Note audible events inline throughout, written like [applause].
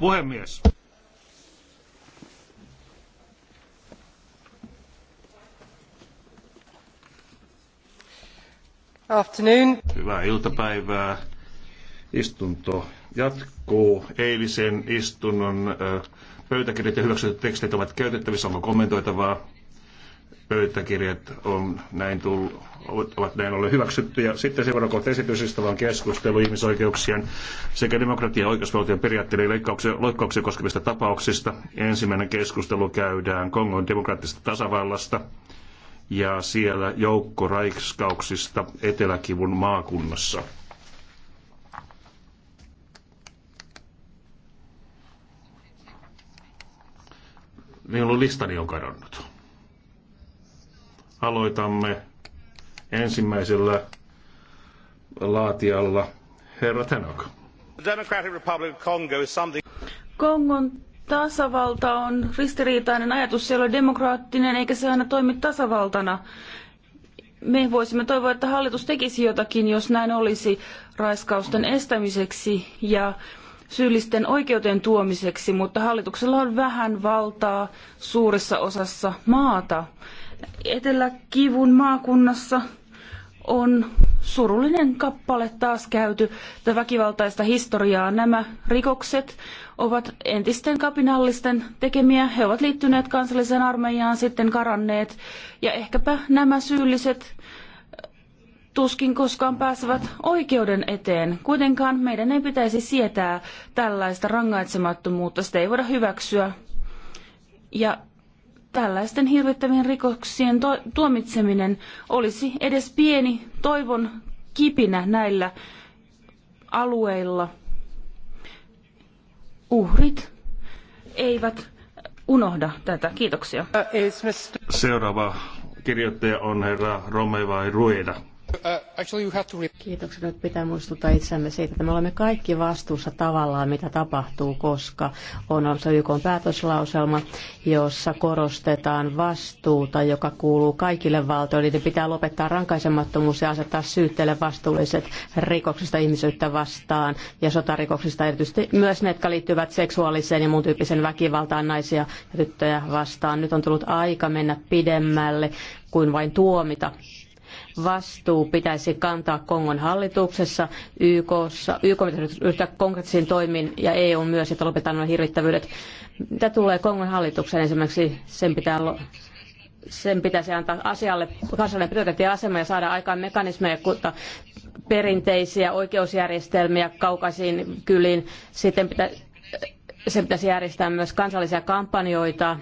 Puhemies. Afternoon. Hyvää iltapäivää. Istunto jatkuu. Eilisen istunnon pöytäkirjat ja hyväksytyt tekstit ovat käytettävissä. Onko kommentoitavaa? pöytäkirjat on näin tullut, ovat näin ollen ja Sitten seuraava kohta esityksestä vaan keskustelu ihmisoikeuksien sekä demokratia- ja oikeusvaltion periaatteiden leikkauksia, loikkauksia koskevista tapauksista. Ensimmäinen keskustelu käydään Kongon demokraattisesta tasavallasta ja siellä joukko raiskauksista Eteläkivun maakunnassa. Minulla listani on kadonnut. Aloitamme ensimmäisellä laatijalla, herra Tenok. Kongon tasavalta on ristiriitainen ajatus. Se ei ole demokraattinen eikä se aina toimi tasavaltana. Me voisimme toivoa, että hallitus tekisi jotakin, jos näin olisi, raiskausten estämiseksi ja syyllisten oikeuteen tuomiseksi, mutta hallituksella on vähän valtaa suuressa osassa maata. Etelä-Kivun maakunnassa on surullinen kappale taas käyty tätä väkivaltaista historiaa. Nämä rikokset ovat entisten kapinallisten tekemiä. He ovat liittyneet kansalliseen armeijaan, sitten karanneet. Ja ehkäpä nämä syylliset eh, tuskin koskaan pääsevät oikeuden eteen. Kuitenkaan meidän ei pitäisi sietää tällaista rangaitsemattomuutta. Sitä ei voida hyväksyä. Ja tällaisten hirvittävien rikoksien tuomitseminen olisi edes pieni toivon kipinä näillä alueilla. Uhrit eivät unohda tätä. Kiitoksia. Seuraava kirjoittaja on herra Romeva Rueda. Uh, Kiitoksia. Nyt pitää muistuttaa itsemme siitä, että me olemme kaikki vastuussa tavallaan, mitä tapahtuu, koska on olemassa YK päätöslauselma, jossa korostetaan vastuuta, joka kuuluu kaikille valtioille. Niiden pitää lopettaa rankaisemattomuus ja asettaa syytteelle vastuulliset rikoksista ihmisyyttä vastaan ja sotarikoksista, erityisesti myös ne, jotka liittyvät seksuaaliseen ja muun tyyppiseen väkivaltaan naisia ja tyttöjä vastaan. Nyt on tullut aika mennä pidemmälle kuin vain tuomita vastuu pitäisi kantaa Kongon hallituksessa, YKssa, YK pitäisi ryhtyä konkreettisiin toimiin ja EU myös, että lopetetaan nuo hirvittävyydet. Mitä tulee Kongon hallitukseen esimerkiksi, sen pitää sen pitäisi antaa asialle kansallinen prioriteettiasema ja saada aikaan mekanismeja, kutta perinteisiä oikeusjärjestelmiä kaukaisiin kyliin. Sitten pitä, sen pitäisi järjestää myös kansallisia kampanjoita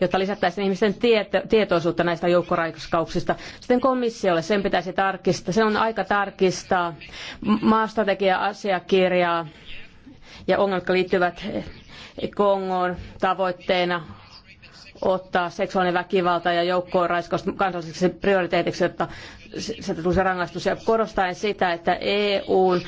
jotta lisättäisiin ihmisten tieto, tietoisuutta näistä joukkoraiskauksista. Sitten komissiolle sen pitäisi tarkistaa, sen on aika tarkistaa maastrategia-asiakirjaa ja ongelmat, jotka liittyvät Kongoon tavoitteena ottaa seksuaalinen väkivalta ja joukkoon kansalliseksi prioriteetiksi, jotta sieltä tulisi rangaistus. Ja korostaen sitä, että EUn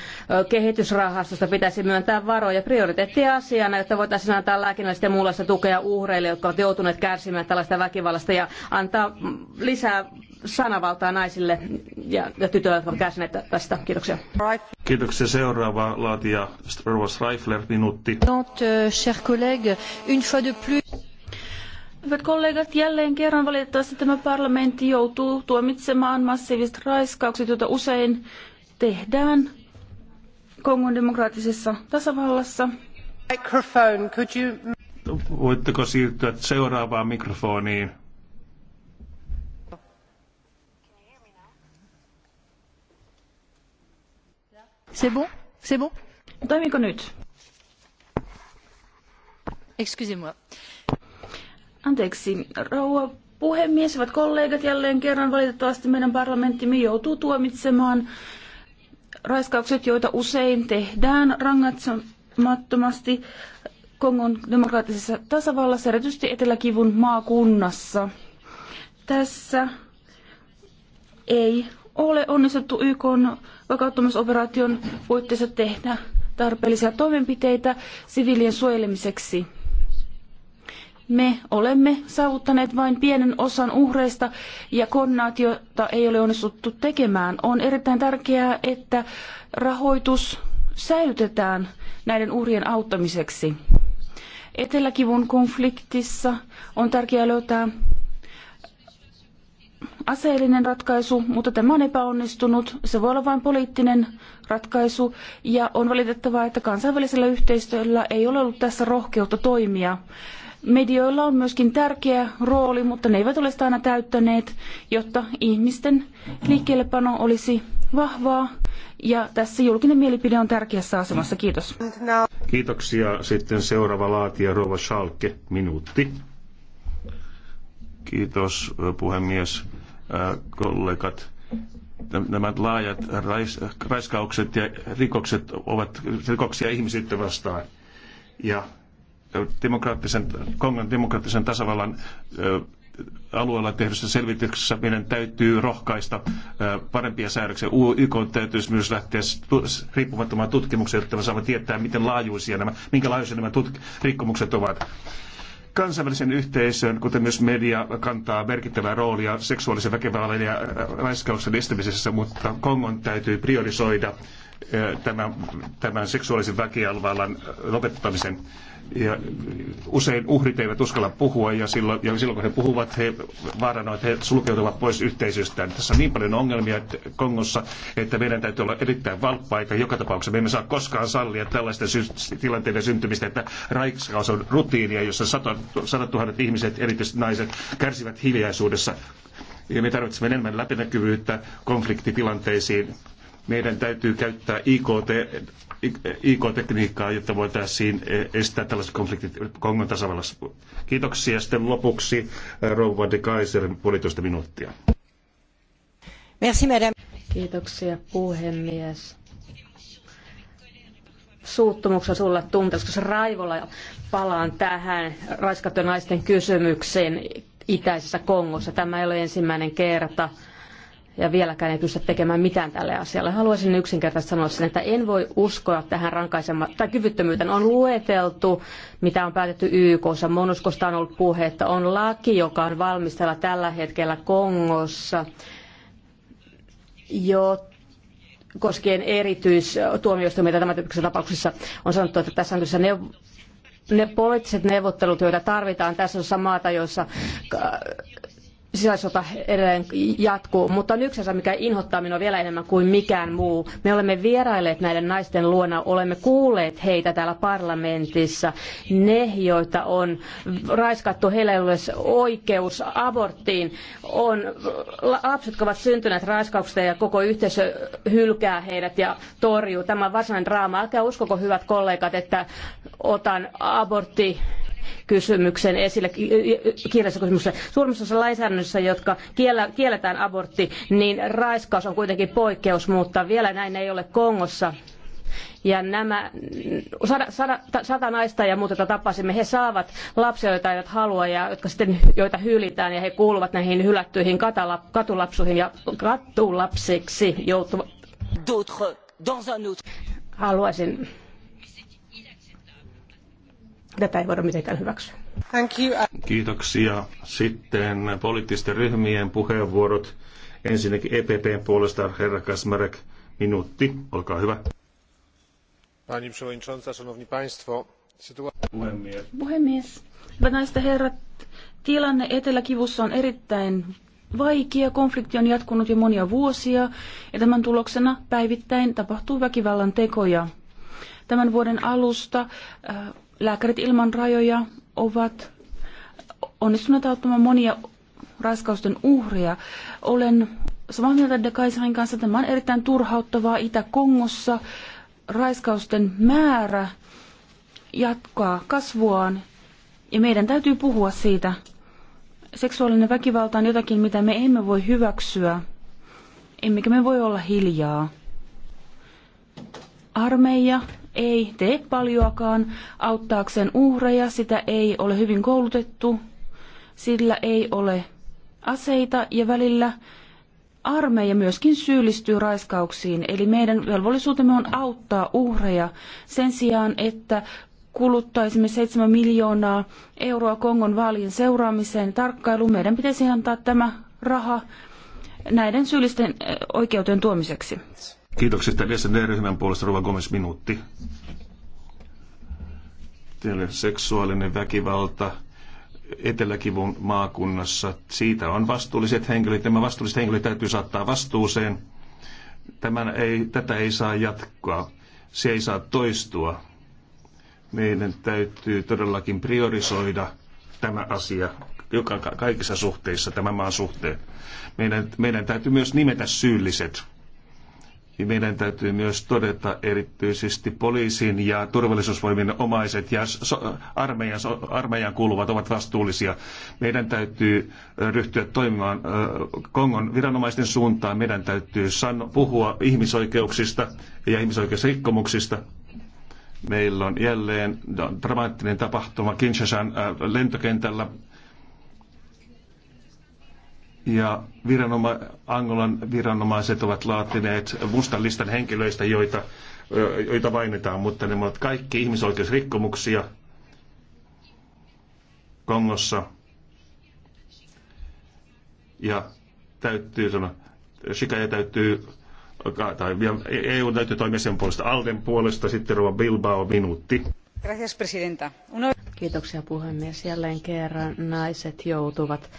kehitysrahastosta pitäisi myöntää varoja prioriteettiasiana, että voitaisiin antaa lääkinnällistä ja muunlaista tukea uhreille, jotka ovat joutuneet kärsimään tällaista väkivallasta ja antaa mm, lisää sanavaltaa naisille ja, ja tytöille, jotka ovat kärsineet tästä. Kiitoksia. Kiitoksia. Seuraava laatija Rose Reifler, minuutti. Euh, Cher collègue, une fois de plus... Hyvät kollegat, jälleen kerran valitettavasti tämä parlamentti joutuu tuomitsemaan massiiviset raiskaukset, joita usein tehdään Kongon demokraattisessa tasavallassa. Microphone, could you... Voitteko siirtyä seuraavaan mikrofoniin? C'est bon? C'est bon? Toimiko nyt? Excusez-moi. Anteeksi, rouva puhemies, hyvät kollegat, jälleen kerran valitettavasti meidän parlamenttimme joutuu tuomitsemaan raiskaukset, joita usein tehdään rangaistamattomasti Kongon demokraattisessa tasavallassa, erityisesti Eteläkivun maakunnassa. Tässä ei ole onnistuttu YK vakauttamisoperaation puitteissa tehdä tarpeellisia toimenpiteitä siviilien suojelemiseksi me olemme saavuttaneet vain pienen osan uhreista ja koordinaatiota ei ole onnistuttu tekemään. On erittäin tärkeää, että rahoitus säilytetään näiden uhrien auttamiseksi. Eteläkivun konfliktissa on tärkeää löytää aseellinen ratkaisu, mutta tämä on epäonnistunut. Se voi olla vain poliittinen ratkaisu ja on valitettavaa, että kansainvälisellä yhteistyöllä ei ole ollut tässä rohkeutta toimia. Medioilla on myöskin tärkeä rooli, mutta ne eivät ole sitä aina täyttäneet, jotta ihmisten liikkeellepano olisi vahvaa. Ja tässä julkinen mielipide on tärkeässä asemassa. Kiitos. Kiitoksia. Sitten seuraava laatija, Rova Schalke, minuutti. Kiitos, puhemies, kollegat nämä laajat rais, raiskaukset ja rikokset ovat rikoksia ihmisyyttä vastaan. Ja demokraattisen, Kongon demokraattisen tasavallan alueella tehdyssä selvityksessä meidän täytyy rohkaista parempia säädöksiä. YK täytyy myös lähteä riippumattomaan tutkimukseen, jotta me saamme tietää, miten laajuisia nämä, minkä laajuisia nämä tutk- rikkomukset ovat. Kansainvälisen yhteisön, kuten myös media, kantaa merkittävää roolia seksuaalisen väkivallan ja raiskauksen estämisessä, mutta Kongon täytyy priorisoida tämän, tämän seksuaalisen väkivallan lopettamisen. Ja usein uhrit eivät uskalla puhua ja silloin, ja silloin kun he puhuvat, he vaarannoivat, he sulkeutuvat pois yhteisöstään. Tässä on niin paljon ongelmia että Kongossa, että meidän täytyy olla erittäin valppaita joka tapauksessa. Me emme saa koskaan sallia tällaisten sy- tilanteiden syntymistä, että raiskaus on rutiinia, jossa sadat, sadat tuhannet ihmiset, erityisesti naiset, kärsivät hiljaisuudessa. Ja me tarvitsemme enemmän läpinäkyvyyttä konfliktitilanteisiin meidän täytyy käyttää IKT, IK-tekniikkaa, jotta voitaisiin estää tällaiset konfliktit Kongon tasavallassa. Kiitoksia. Sitten lopuksi eh, Rouva de Kaiser, puolitoista minuuttia. Merci, madame. Kiitoksia, puhemies suuttumuksen sulla tuntuu, koska raivolla palaan tähän raiskattujen naisten kysymykseen itäisessä Kongossa. Tämä ei ole ensimmäinen kerta ja vieläkään ei pystytä tekemään mitään tälle asialle. Haluaisin yksinkertaisesti sanoa sen, että en voi uskoa tähän rankaisemaan tai kyvyttömyyteen. On lueteltu, mitä on päätetty YKssa. Monuskosta on ollut puhe, että on laki, joka on valmistella tällä hetkellä Kongossa, jo koskien erityistuomioistuimia tämän tyyppisissä tapauksissa on sanottu, että tässä on kyse ne, ne poliittiset neuvottelut, joita tarvitaan tässä osassa maata, jossa sisällissota edelleen jatkuu, mutta on yksi asia, mikä inhottaa minua vielä enemmän kuin mikään muu. Me olemme vierailleet näiden naisten luona, olemme kuulleet heitä täällä parlamentissa. Ne, joita on raiskattu, heillä ei ole oikeus aborttiin. On lapset, jotka ovat syntyneet raiskauksesta ja koko yhteisö hylkää heidät ja torjuu. Tämä on varsinainen draama. Älkää uskoko, hyvät kollegat, että otan abortti kysymyksen esille kirjassa kysymyksessä. Suurimmassa osassa lainsäädännössä, jotka kielletään abortti, niin raiskaus on kuitenkin poikkeus, mutta vielä näin ei ole Kongossa. Ja nämä sata, sata, sata naista ja muuta, joita tapasimme, he saavat lapsia, joita eivät halua ja jotka sitten, joita hylitään ja he kuuluvat näihin hylättyihin katala, katulapsuihin ja katulapsiksi joutuvat. Haluaisin tätä ei voida mitenkään hyväksyä. Thank you. Kiitoksia. Sitten poliittisten ryhmien puheenvuorot. Ensinnäkin EPPn puolesta herra Kasmarek, minuutti, olkaa hyvä. Pani przewodnicząca, szanowni państwo, Puhemies. Puhemies. Hyvät naiset herrat, tilanne Eteläkivussa on erittäin vaikea. Konflikti on jatkunut jo monia vuosia ja tämän tuloksena päivittäin tapahtuu väkivallan tekoja. Tämän vuoden alusta äh, Lääkärit ilman rajoja ovat onnistuneet auttamaan monia raskausten uhreja. Olen samaa mieltä De Kaiserin kanssa, tämä on erittäin turhauttavaa Itä-Kongossa. Raiskausten määrä jatkaa kasvuaan ja meidän täytyy puhua siitä. Seksuaalinen väkivalta on jotakin, mitä me emme voi hyväksyä, emmekä me voi olla hiljaa. Armeija ei tee paljoakaan auttaakseen uhreja, sitä ei ole hyvin koulutettu, sillä ei ole aseita ja välillä armeija myöskin syyllistyy raiskauksiin, eli meidän velvollisuutemme on auttaa uhreja sen sijaan, että kuluttaisimme 7 miljoonaa euroa Kongon vaalien seuraamiseen tarkkailuun. Meidän pitäisi antaa tämä raha näiden syyllisten oikeuteen tuomiseksi. Kiitoksista SND-ryhmän puolesta Ruva Gomes minuutti. Teille seksuaalinen väkivalta Eteläkivun maakunnassa. Siitä on vastuulliset henkilöt. tämä vastuulliset henkilöt täytyy saattaa vastuuseen. Tämän ei, tätä ei saa jatkaa. Se ei saa toistua. Meidän täytyy todellakin priorisoida tämä asia joka, kaikissa suhteissa tämän maan suhteen. Meidän, meidän täytyy myös nimetä syylliset ja meidän täytyy myös todeta erityisesti poliisin ja turvallisuusvoimien omaiset ja so, armeijan, so, armeijan kuuluvat ovat vastuullisia. Meidän täytyy ryhtyä toimimaan Kongon viranomaisten suuntaan. Meidän täytyy san, puhua ihmisoikeuksista ja ihmisoikeusrikkomuksista. Meillä on jälleen dramaattinen tapahtuma Kinshasan lentokentällä ja viranoma, Angolan viranomaiset ovat laatineet mustan listan henkilöistä, joita, joita vainitaan, mutta ne ovat kaikki ihmisoikeusrikkomuksia Kongossa. Ja täytyy sanoa, Shikaja täytyy, tai EU täytyy toimia sen puolesta, Alden puolesta, sitten Rova Bilbao minuutti. Kiitoksia puhemies. Jälleen kerran naiset joutuvat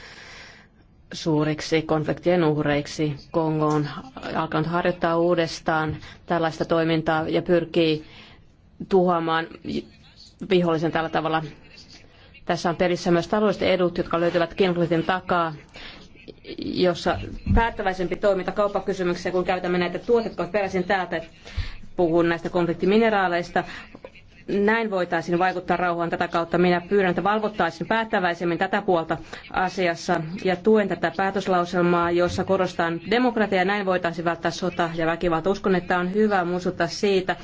suuriksi konfliktien uhreiksi. Kongo on alkanut harjoittaa uudestaan tällaista toimintaa ja pyrkii tuhoamaan vihollisen tällä tavalla. Tässä on pelissä myös taloudelliset edut, jotka löytyvät konfliktin takaa, jossa päättäväisempi toiminta kauppakysymyksiä, kun käytämme näitä tuotteita, jotka peräisin täältä, puhun näistä konfliktimineraaleista, näin voitaisiin vaikuttaa rauhaan tätä kautta. Minä pyydän, että valvottaisiin päättäväisemmin tätä puolta asiassa ja tuen tätä päätöslauselmaa, jossa korostan demokratiaa. Näin voitaisiin välttää sota ja väkivalta. Uskon, että on hyvä muistuttaa siitä,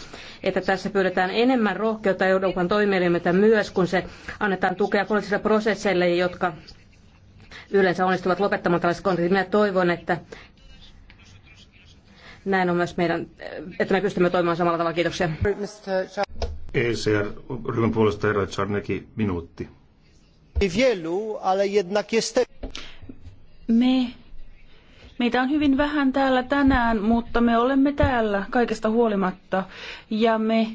että tässä pyydetään enemmän rohkeutta Euroopan toimielimiltä myös, kun se annetaan tukea poliittisille prosesseille, jotka yleensä onnistuvat lopettamaan tällaiset konfliktit. Minä toivon, että näin on myös meidän, että me pystymme toimimaan samalla tavalla. Kiitoksia. ECR-ryhmän puolesta herra Czarnecki, minuutti. ale jednak jeste... Me, meitä on hyvin vähän täällä tänään, mutta me olemme täällä kaikesta huolimatta ja me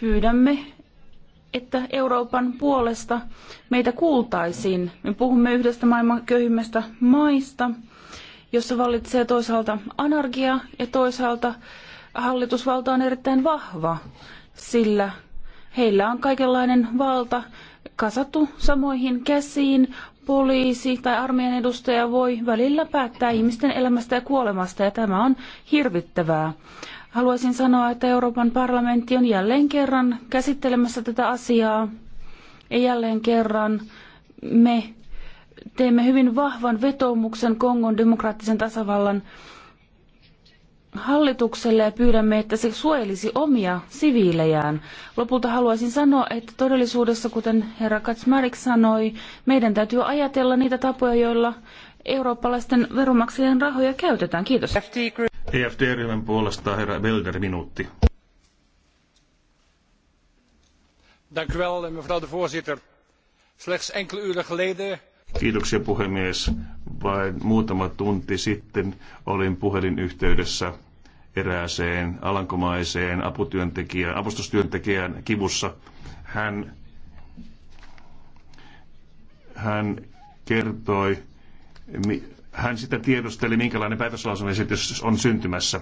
pyydämme että Euroopan puolesta meitä kuultaisiin. Me puhumme yhdestä maailman köyhimmistä maista, jossa vallitsee toisaalta anarkia ja toisaalta hallitusvalta on erittäin vahva sillä heillä on kaikenlainen valta kasattu samoihin käsiin. Poliisi tai armeijan edustaja voi välillä päättää ihmisten elämästä ja kuolemasta, ja tämä on hirvittävää. Haluaisin sanoa, että Euroopan parlamentti on jälleen kerran käsittelemässä tätä asiaa. Ja jälleen kerran me teemme hyvin vahvan vetoomuksen Kongon demokraattisen tasavallan hallitukselle ja pyydämme, että se suojelisi omia siviilejään. Lopulta haluaisin sanoa, että todellisuudessa, kuten herra Kaczmarek sanoi, meidän täytyy ajatella niitä tapoja, joilla eurooppalaisten veronmaksajien rahoja käytetään. Kiitos. EFD-ryhmän puolesta herra Belder, minuutti. Dank u wel, mevrouw de voorzitter. Slechts enkele uren geleden Kiitoksia puhemies. Vain muutama tunti sitten olin puhelinyhteydessä erääseen alankomaiseen aputyöntekijään, avustustyöntekijään kivussa. Hän, hän kertoi, hän sitä tiedusteli, minkälainen esitys on syntymässä.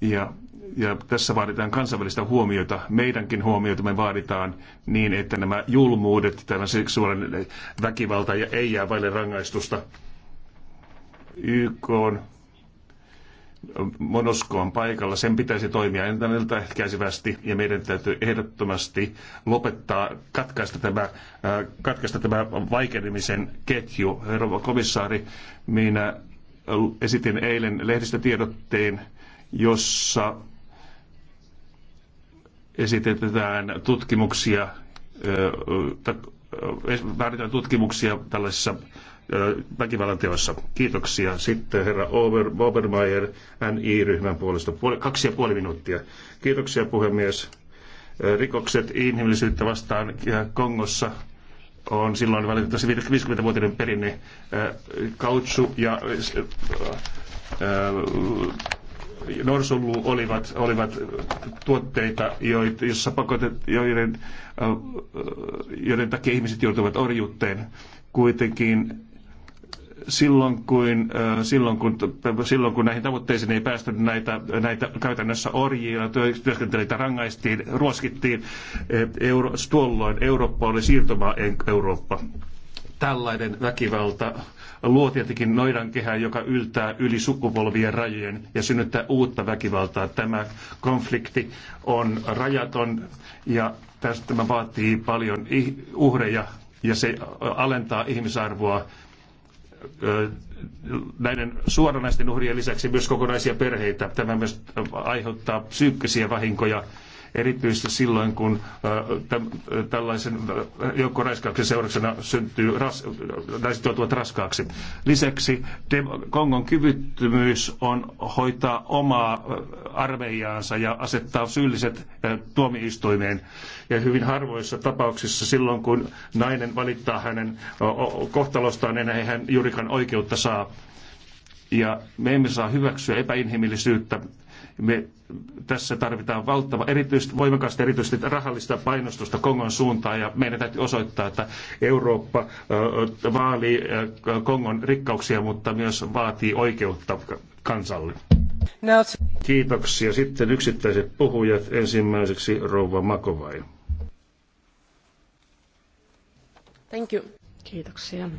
Ja, ja tässä vaaditaan kansainvälistä huomiota, meidänkin huomiota me vaaditaan niin, että nämä julmuudet, tämä seksuaalinen väkivalta ei jää vaille rangaistusta. YK on Monosko on paikalla, sen pitäisi toimia ennaltaehkäisevästi ja meidän täytyy ehdottomasti lopettaa, katkaista tämä, äh, katkaista tämä vaikenemisen ketju. Herra komissaari, minä esitin eilen lehdistötiedotteen, jossa esitetään tutkimuksia, äh, äh, vääritään tutkimuksia tällaisissa väkivallan teossa. Kiitoksia. Sitten herra Ober, Obermeier, NI-ryhmän puolesta. Puoli, kaksi ja puoli minuuttia. Kiitoksia puhemies. Rikokset inhimillisyyttä vastaan Kongossa on silloin valitettavasti 50-vuotinen perinne. Kautsu ja norsullu olivat, olivat tuotteita, joita, pakotet, joiden, joiden takia ihmiset joutuvat orjuuteen. Kuitenkin Äh, silloin kun, silloin kun, silloin kun näihin tavoitteisiin ei päästy, näitä, näitä käytännössä orjia, työskentelijöitä rangaistiin, ruoskittiin. Eh, Euro, tuolloin Eurooppa oli siirtomaa Eurooppa. Tällainen väkivalta luo tietenkin kehä, joka yltää yli sukupolvien rajojen ja synnyttää uutta väkivaltaa. Tämä konflikti on rajaton ja tästä tämä vaatii paljon uhreja ja se alentaa ihmisarvoa näiden suoranaisten uhrien lisäksi myös kokonaisia perheitä. Tämä myös aiheuttaa psyykkisiä vahinkoja erityisesti silloin, kun tällaisen joukkoraiskauksen seurauksena syntyy ras, naiset joutuvat raskaaksi. Lisäksi Kongon kyvyttömyys on hoitaa omaa armeijaansa ja asettaa syylliset tuomioistuimeen. Ja hyvin harvoissa tapauksissa silloin, kun nainen valittaa hänen kohtalostaan, niin hän juurikaan oikeutta saa. Ja me emme saa hyväksyä epäinhimillisyyttä me, tässä tarvitaan valtava, erityisesti, voimakasta erityisesti rahallista painostusta Kongon suuntaan ja meidän täytyy osoittaa, että Eurooppa vaalii Kongon rikkauksia, mutta myös vaatii oikeutta kansalle. Kiitoksia. Sitten yksittäiset puhujat. Ensimmäiseksi rouva Makovai. Thank you. Kiitoksia.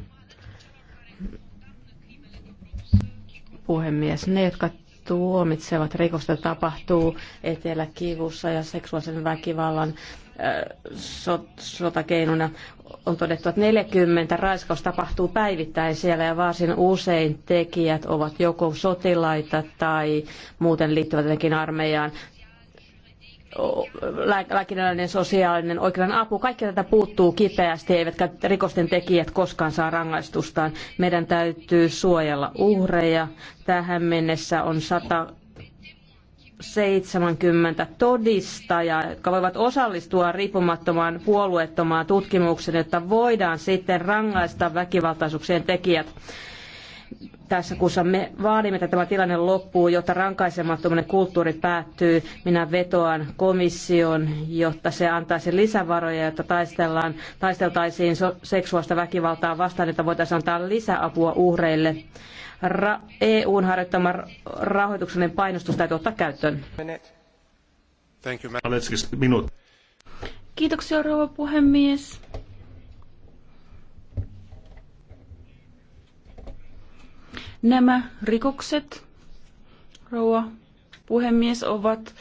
Puhemies, ne, jotka tuomitsevat rikosta tapahtuu eteläkivussa ja seksuaalisen väkivallan äh, sotakeinona on todettu, että 40 raiskaus tapahtuu päivittäin siellä ja varsin usein tekijät ovat joko sotilaita tai muuten liittyvät jotenkin armeijaan lääkinnällinen, sosiaalinen, oikeuden apu, kaikki tätä puuttuu kipeästi, eivätkä rikosten tekijät koskaan saa rangaistustaan. Meidän täytyy suojella uhreja. Tähän mennessä on 170 todistajaa, jotka voivat osallistua riippumattomaan puolueettomaan tutkimukseen, jotta voidaan sitten rangaista väkivaltaisuuksien tekijät tässä kuussa me vaadimme, että tämä tilanne loppuu, jotta rankaisemattomuuden kulttuuri päättyy. Minä vetoan komission, jotta se antaisi lisävaroja, jotta taistellaan, taisteltaisiin seksuaalista väkivaltaa vastaan, että voitaisiin antaa lisäapua uhreille. Ra- EUn harjoittama rahoituksellinen painostus täytyy ottaa käyttöön. Thank you, Kiitoksia rouva puhemies. Nämä rikokset, rouva puhemies, ovat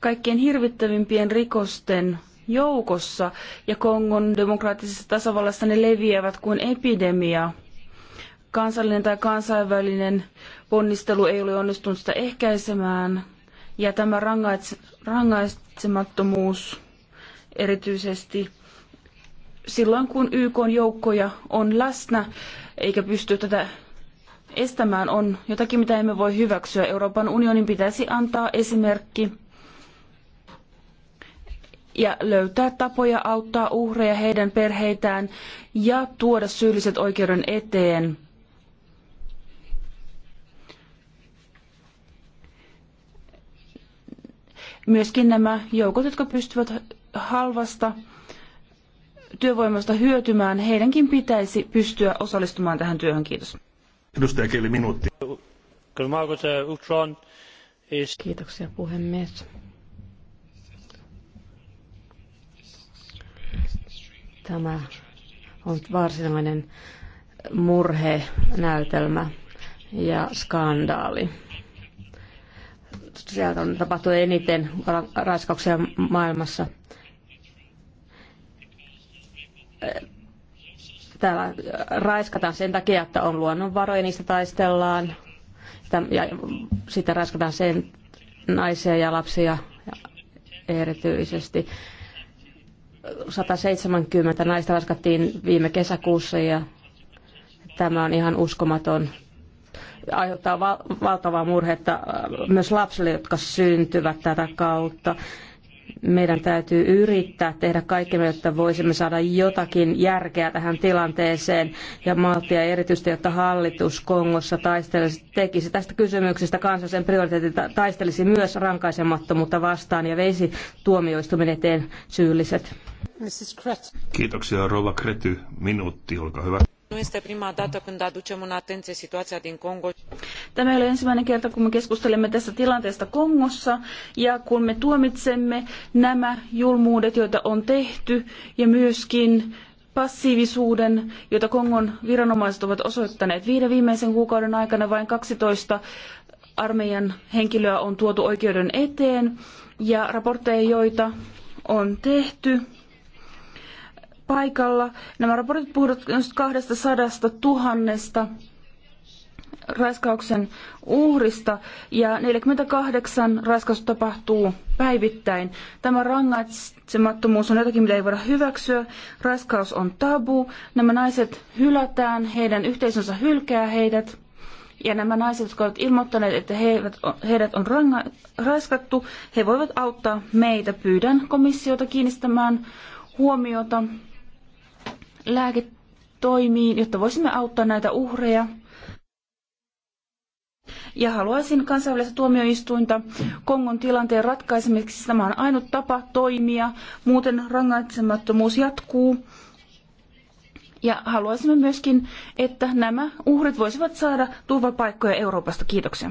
kaikkien hirvittävimpien rikosten joukossa ja Kongon demokraattisessa tasavallassa ne leviävät kuin epidemia. Kansallinen tai kansainvälinen ponnistelu ei ole onnistunut sitä ehkäisemään ja tämä rangaitsemattomuus erityisesti silloin, kun YK joukkoja on läsnä eikä pysty tätä estämään, on jotakin, mitä emme voi hyväksyä. Euroopan unionin pitäisi antaa esimerkki ja löytää tapoja auttaa uhreja heidän perheitään ja tuoda syylliset oikeuden eteen. Myöskin nämä joukot, jotka pystyvät halvasta työvoimasta hyötymään, heidänkin pitäisi pystyä osallistumaan tähän työhön. Kiitos. Edustaja Kiitoksia puhemies. Tämä on varsinainen murhenäytelmä ja skandaali. Sieltä on tapahtunut eniten raiskauksia maailmassa täällä raiskataan sen takia, että on luonnonvaroja, niistä taistellaan. Ja sitten raiskataan sen naisia ja lapsia erityisesti. 170 naista raskattiin viime kesäkuussa ja tämä on ihan uskomaton. Aiheuttaa val- valtavaa murhetta äh, myös lapsille, jotka syntyvät tätä kautta meidän täytyy yrittää tehdä kaikkemme, jotta voisimme saada jotakin järkeä tähän tilanteeseen ja malttia erityisesti, jotta hallitus Kongossa taistelisi, tekisi tästä kysymyksestä kansallisen prioriteetin, taistelisi myös rankaisemattomuutta vastaan ja veisi tuomioistuimen eteen syylliset. Kiitoksia Rova Krety. Minuutti, olkaa hyvä nu este prima dată când aducem în atenție situația din Congo. Tämä ei ole ensimmäinen kerta, kun me keskustelemme tästä tilanteesta Kongossa ja kun me tuomitsemme nämä julmuudet, joita on tehty ja myöskin passiivisuuden, jota Kongon viranomaiset ovat osoittaneet. Viiden viimeisen kuukauden aikana vain 12 armeijan henkilöä on tuotu oikeuden eteen ja raportteja, joita on tehty, paikalla. Nämä raportit puhuvat noin 200 tuhannesta raiskauksen uhrista ja 48 raiskausta tapahtuu päivittäin. Tämä rangaitsemattomuus on jotakin, mitä ei voida hyväksyä. Raiskaus on tabu. Nämä naiset hylätään, heidän yhteisönsä hylkää heidät. Ja nämä naiset, jotka ovat ilmoittaneet, että heidät on ranga- raiskattu, he voivat auttaa meitä. Pyydän komissiota kiinnittämään huomiota lääketoimiin, jotta voisimme auttaa näitä uhreja. Ja haluaisin kansainvälistä tuomioistuinta Kongon tilanteen ratkaisemiseksi. Tämä on ainut tapa toimia, muuten rangaitsemattomuus jatkuu. Ja haluaisimme myöskin, että nämä uhrit voisivat saada turvapaikkoja Euroopasta. Kiitoksia.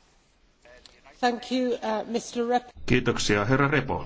Uh, Kiitoksia, herra Repo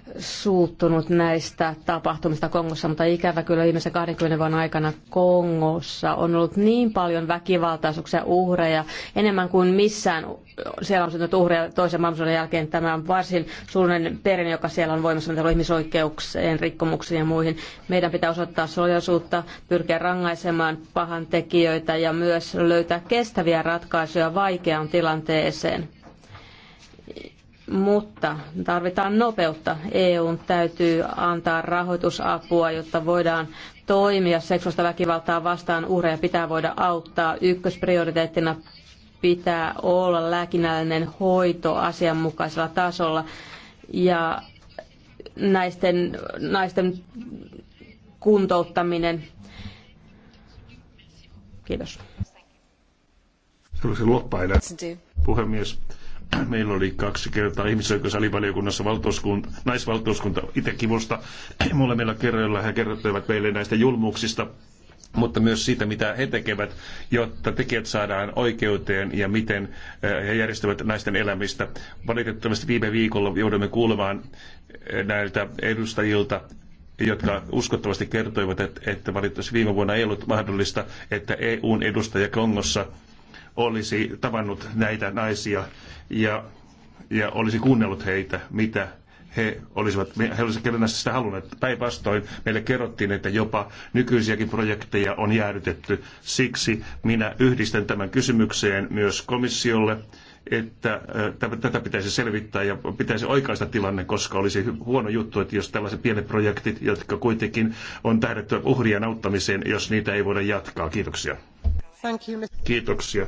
suuttunut näistä tapahtumista Kongossa, mutta ikävä kyllä viimeisen 20 vuoden aikana Kongossa on ollut niin paljon väkivaltaisuuksia uhreja, enemmän kuin missään siellä on syntynyt uhreja toisen maailmansodan jälkeen. Tämä on varsin surullinen perinne, joka siellä on voimassa, mitä ihmisoikeuksien, rikkomuksiin ja muihin. Meidän pitää osoittaa solidaisuutta, pyrkiä rangaisemaan pahan tekijöitä ja myös löytää kestäviä ratkaisuja vaikeaan tilanteeseen mutta tarvitaan nopeutta. EUn täytyy antaa rahoitusapua, jotta voidaan toimia seksuaalista väkivaltaa vastaan. Uhreja pitää voida auttaa. Ykkösprioriteettina pitää olla lääkinnällinen hoito asianmukaisella tasolla. Ja naisten, naisten kuntouttaminen. Kiitos. olisi loppainen puhemies. Meillä oli kaksi kertaa ihmisoikeusalivaliokunnassa naisvaltuuskunta itse kivusta Molemmilla [clears throat] kerroilla he kerrottivat meille näistä julmuuksista, mutta myös siitä, mitä he tekevät, jotta tekijät saadaan oikeuteen ja miten eh, he järjestävät naisten elämistä. Valitettavasti viime viikolla joudumme kuulemaan eh, näiltä edustajilta jotka uskottavasti kertoivat, että, että valitettavasti viime vuonna ei ollut mahdollista, että EUn edustaja Kongossa olisi tavannut näitä naisia ja, ja olisi kuunnellut heitä, mitä he olisivat, he olisivat kerrannassa sitä halunneet. Päinvastoin meille kerrottiin, että jopa nykyisiäkin projekteja on jäädytetty. Siksi minä yhdistän tämän kysymykseen myös komissiolle että äh, tätä pitäisi selvittää ja pitäisi oikaista tilanne, koska olisi huono juttu, että jos tällaiset pienet projektit, jotka kuitenkin on tähdetty uhrien auttamiseen, jos niitä ei voida jatkaa. Kiitoksia. Kiitoksia.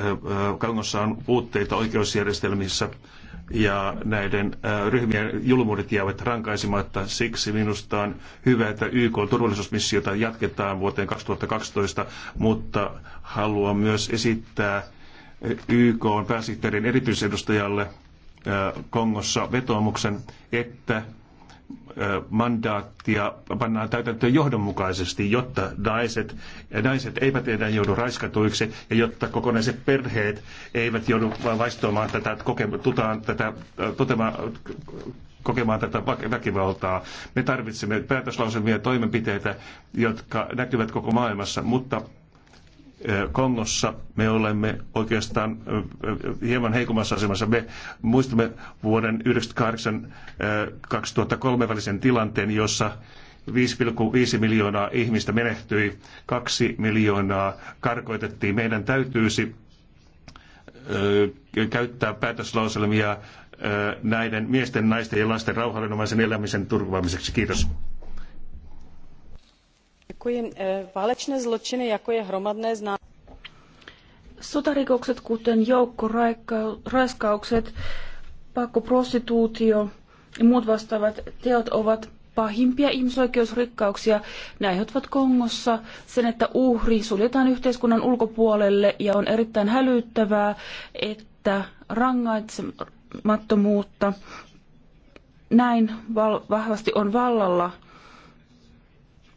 Äh, äh, Kongossa on puutteita oikeusjärjestelmissä ja näiden äh, ryhmien julmuudet jäävät rankaisimatta. Siksi minusta on hyvä, että YK turvallisuusmissiota jatketaan vuoteen 2012, mutta haluan myös esittää YK pääsihteerin erityisedustajalle Kongossa vetoomuksen, että mandaattia pannaan täytäntöön johdonmukaisesti, jotta naiset, naiset eivät enää joudu raiskatuiksi ja jotta kokonaiset perheet eivät joudu vaistoamaan tätä, kokemaan tätä, totema, kokemaan tätä väkivaltaa. Me tarvitsemme päätöslauselmia ja toimenpiteitä, jotka näkyvät koko maailmassa, mutta Kongossa me olemme oikeastaan hieman heikommassa asemassa. Me muistamme vuoden 1998-2003 välisen tilanteen, jossa 5,5 miljoonaa ihmistä menehtyi, 2 miljoonaa karkoitettiin. Meidän täytyisi käyttää päätöslauselmia näiden miesten, naisten ja lasten rauhallinomaisen elämisen turvaamiseksi. Kiitos. E, válečné zločiny, jako je hromadné Sotarikokset, kuten joukkoraiskaukset, pakkoprostituutio ja muut vastaavat teot ovat pahimpia ihmisoikeusrikkauksia. Ne aiheuttavat Kongossa sen, että uhri suljetaan yhteiskunnan ulkopuolelle ja on erittäin hälyttävää, että rangaitsemattomuutta näin vahvasti on vallalla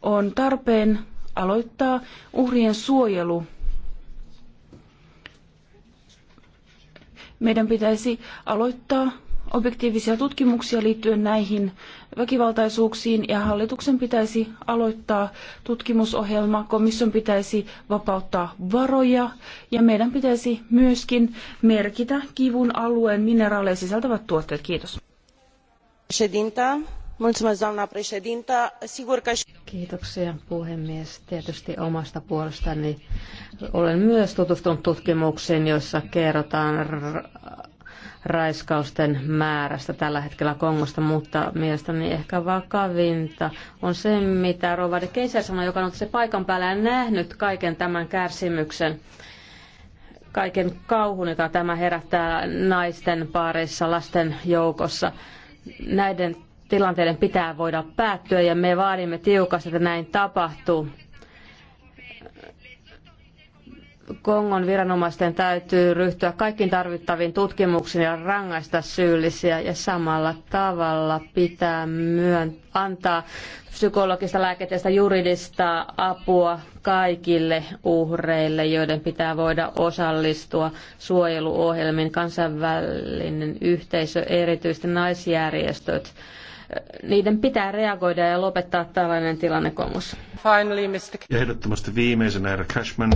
on tarpeen aloittaa uhrien suojelu. Meidän pitäisi aloittaa objektiivisia tutkimuksia liittyen näihin väkivaltaisuuksiin ja hallituksen pitäisi aloittaa tutkimusohjelma, komission pitäisi vapauttaa varoja ja meidän pitäisi myöskin merkitä kivun alueen mineraaleja sisältävät tuotteet. Kiitos. Sedintä. Kiitoksia puhemies. Tietysti omasta puolestani olen myös tutustunut tutkimuksiin, joissa kerrotaan raiskausten määrästä tällä hetkellä Kongosta, mutta mielestäni ehkä vakavinta on se, mitä Rovade Keiser sanoi, joka on se paikan päällä ja nähnyt kaiken tämän kärsimyksen kaiken kauhun, jota tämä herättää naisten parissa, lasten joukossa. Näiden tilanteiden pitää voida päättyä ja me vaadimme tiukasti, että näin tapahtuu. Kongon viranomaisten täytyy ryhtyä kaikkiin tarvittaviin tutkimuksiin ja rangaista syyllisiä ja samalla tavalla pitää myön, antaa psykologista, lääketieteellistä, juridista apua kaikille uhreille, joiden pitää voida osallistua suojeluohjelmiin. Kansainvälinen yhteisö, erityisesti naisjärjestöt, niiden pitää reagoida ja lopettaa tällainen tilannekomus. Finally, Mr. Ehdottomasti viimeisenä herra Cashman.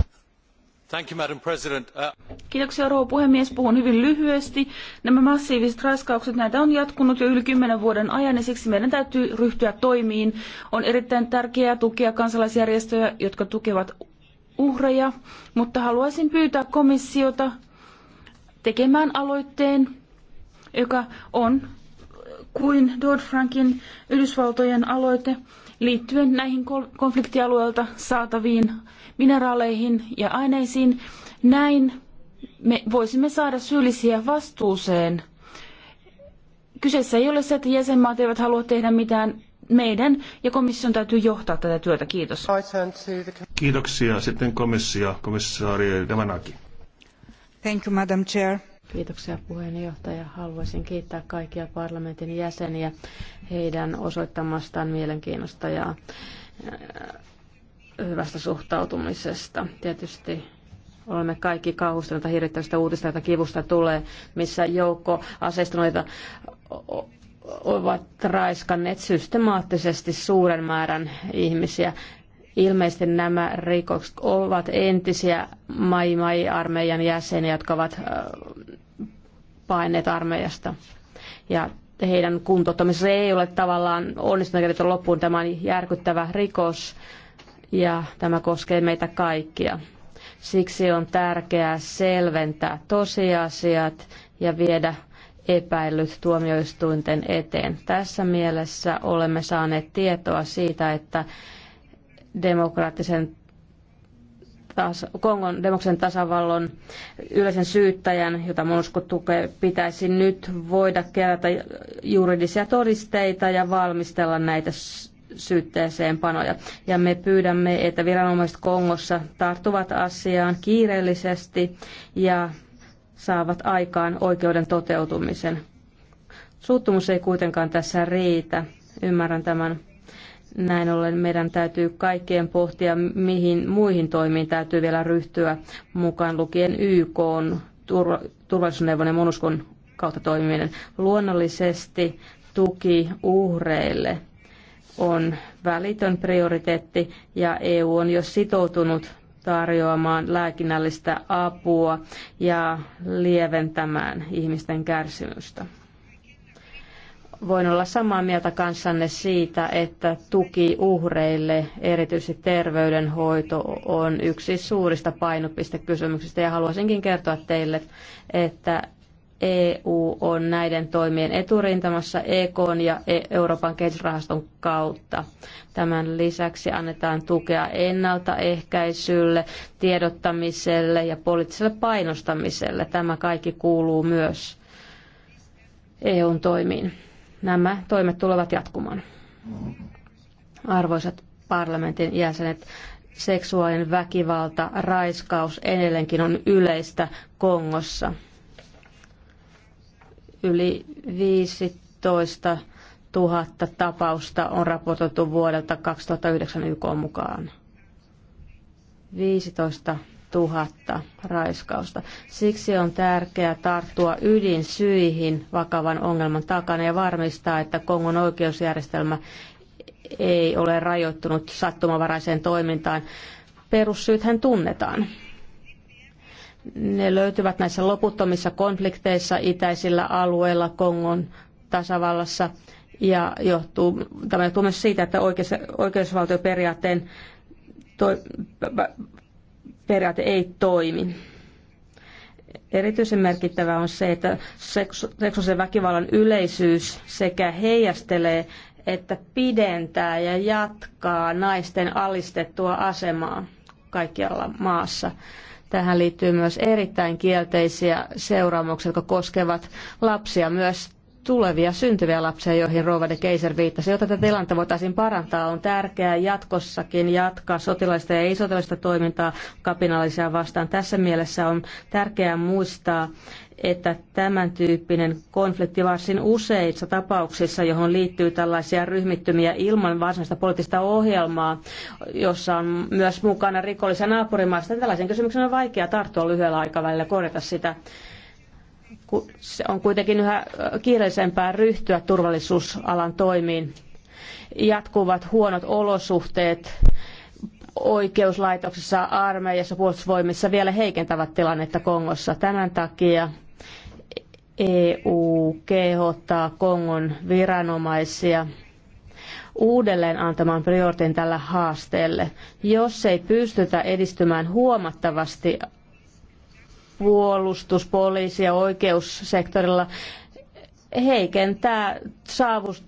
Thank you, Madam President. Uh... Kiitoksia rouva puhemies. Puhun hyvin lyhyesti. Nämä massiiviset raiskaukset, näitä on jatkunut jo yli kymmenen vuoden ajan ja siksi meidän täytyy ryhtyä toimiin. On erittäin tärkeää tukea kansalaisjärjestöjä, jotka tukevat uhreja, mutta haluaisin pyytää komissiota tekemään aloitteen, joka on kuin Dodd-Frankin Yhdysvaltojen aloite liittyen näihin konfliktialueelta saataviin mineraaleihin ja aineisiin. Näin me voisimme saada syyllisiä vastuuseen. Kyseessä ei ole se, että jäsenmaat eivät halua tehdä mitään meidän ja komission täytyy johtaa tätä työtä. Kiitos. Kiitoksia. Sitten komissio, komissaari Damanaki. Thank you, Madam Chair. Kiitoksia puheenjohtaja. Haluaisin kiittää kaikkia parlamentin jäseniä heidän osoittamastaan mielenkiinnosta ja äh, hyvästä suhtautumisesta. Tietysti olemme kaikki kauhustuneita hirvittävistä uutista, joita kivusta tulee, missä joukko aseistuneita ovat raiskanneet systemaattisesti suuren määrän ihmisiä. Ilmeisesti nämä rikokset ovat entisiä Mai Mai-armeijan jäseniä, jotka ovat äh, paineet armeijasta. Ja heidän kuntouttamisensa ei ole tavallaan onnistunut kerrottu loppuun. Tämä on järkyttävä rikos ja tämä koskee meitä kaikkia. Siksi on tärkeää selventää tosiasiat ja viedä epäillyt tuomioistuinten eteen. Tässä mielessä olemme saaneet tietoa siitä, että demokraattisen taas, Kongon demoksen tasavallon yleisen syyttäjän, jota Monusko tukee, pitäisi nyt voida kerätä juridisia todisteita ja valmistella näitä syytteeseen panoja. Ja me pyydämme, että viranomaiset Kongossa tarttuvat asiaan kiireellisesti ja saavat aikaan oikeuden toteutumisen. Suuttumus ei kuitenkaan tässä riitä. Ymmärrän tämän näin ollen meidän täytyy kaikkien pohtia, mihin muihin toimiin täytyy vielä ryhtyä, mukaan lukien YK on turvallisuusneuvon ja monuskon kautta toimiminen. Luonnollisesti tuki uhreille on välitön prioriteetti ja EU on jo sitoutunut tarjoamaan lääkinnällistä apua ja lieventämään ihmisten kärsimystä voin olla samaa mieltä kanssanne siitä, että tuki uhreille, erityisesti terveydenhoito, on yksi suurista painopistekysymyksistä ja haluaisinkin kertoa teille, että EU on näiden toimien eturintamassa EKn ja e- Euroopan kehitysrahaston kautta. Tämän lisäksi annetaan tukea ennaltaehkäisylle, tiedottamiselle ja poliittiselle painostamiselle. Tämä kaikki kuuluu myös EUn toimiin. Nämä toimet tulevat jatkumaan. Arvoisat parlamentin jäsenet, seksuaalinen väkivalta, raiskaus edelleenkin on yleistä Kongossa. Yli 15 000 tapausta on raportoitu vuodelta 2009 YK mukaan. 15 tuhatta raiskausta. Siksi on tärkeää tarttua ydinsyihin vakavan ongelman takana ja varmistaa, että Kongon oikeusjärjestelmä ei ole rajoittunut sattumavaraiseen toimintaan. Perussyythän tunnetaan. Ne löytyvät näissä loputtomissa konflikteissa itäisillä alueilla Kongon tasavallassa ja johtuu, tämä johtuu myös siitä, että oikeus, oikeusvaltioperiaatteen toi, periaate ei toimi. Erityisen merkittävää on se, että seksuaalisen väkivallan yleisyys sekä heijastelee että pidentää ja jatkaa naisten alistettua asemaa kaikkialla maassa. Tähän liittyy myös erittäin kielteisiä seuraamuksia, jotka koskevat lapsia myös tulevia syntyviä lapsia, joihin Rouva de Keiser viittasi. Jotta tätä tilannetta voitaisiin parantaa, on tärkeää jatkossakin jatkaa sotilaista ja ei-sotilaista toimintaa kapinallisia vastaan. Tässä mielessä on tärkeää muistaa, että tämän tyyppinen konflikti varsin useissa tapauksissa, johon liittyy tällaisia ryhmittymiä ilman varsinaista poliittista ohjelmaa, jossa on myös mukana rikollisia naapurimaista. Niin tällaisen kysymyksen on vaikea tarttua lyhyellä aikavälillä korjata sitä on kuitenkin yhä kiireisempää ryhtyä turvallisuusalan toimiin. Jatkuvat huonot olosuhteet oikeuslaitoksessa, armeijassa, puolustusvoimissa vielä heikentävät tilannetta Kongossa. Tämän takia EU kehottaa Kongon viranomaisia uudelleen antamaan prioriteetin tällä haasteelle. Jos ei pystytä edistymään huomattavasti puolustus, poliisi ja oikeussektorilla heikentää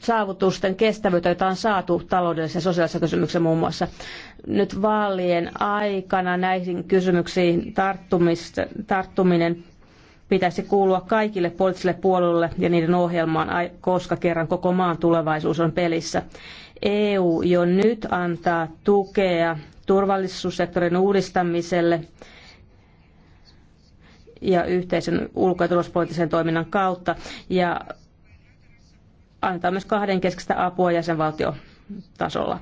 saavutusten kestävyyttä, jota on saatu taloudellisen ja sosiaalisessa kysymyksessä muun muassa. Nyt vaalien aikana näihin kysymyksiin tarttuminen pitäisi kuulua kaikille poliittisille puolueille ja niiden ohjelmaan, koska kerran koko maan tulevaisuus on pelissä. EU jo nyt antaa tukea turvallisuussektorin uudistamiselle – ja yhteisen ulko- ja turvallisuuspoliittisen toiminnan kautta ja antaa myös kahdenkeskistä apua jäsenvaltiotasolla.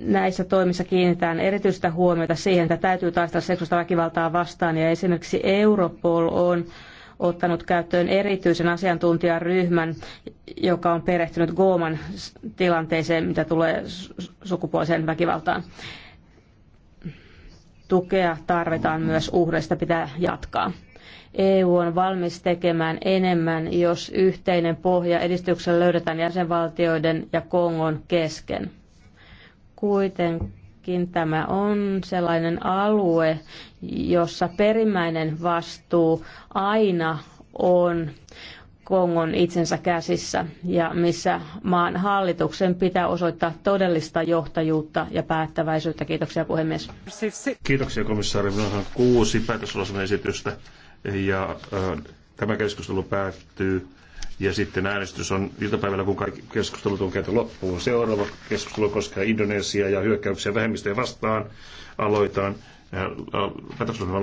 Näissä toimissa kiinnitetään erityistä huomiota siihen, että täytyy taistella seksuaalista väkivaltaa vastaan ja esimerkiksi Europol on ottanut käyttöön erityisen asiantuntijaryhmän, joka on perehtynyt Gooman tilanteeseen, mitä tulee sukupuoliseen väkivaltaan. Tukea tarvitaan myös uhreista pitää jatkaa. EU on valmis tekemään enemmän, jos yhteinen pohja edistyksellä löydetään jäsenvaltioiden ja Kongon kesken. Kuitenkin tämä on sellainen alue, jossa perimmäinen vastuu aina on Kongon itsensä käsissä ja missä maan hallituksen pitää osoittaa todellista johtajuutta ja päättäväisyyttä. Kiitoksia puhemies. Kiitoksia komissaari. Minulla on kuusi päätöslauselman esitystä ja äh, tämä keskustelu päättyy. Ja sitten äänestys on iltapäivällä, kun kaikki keskustelut on käyty loppuun. Seuraava keskustelu koskee Indonesia ja hyökkäyksiä vähemmistöjä vastaan. Aloitaan. Äh, äh,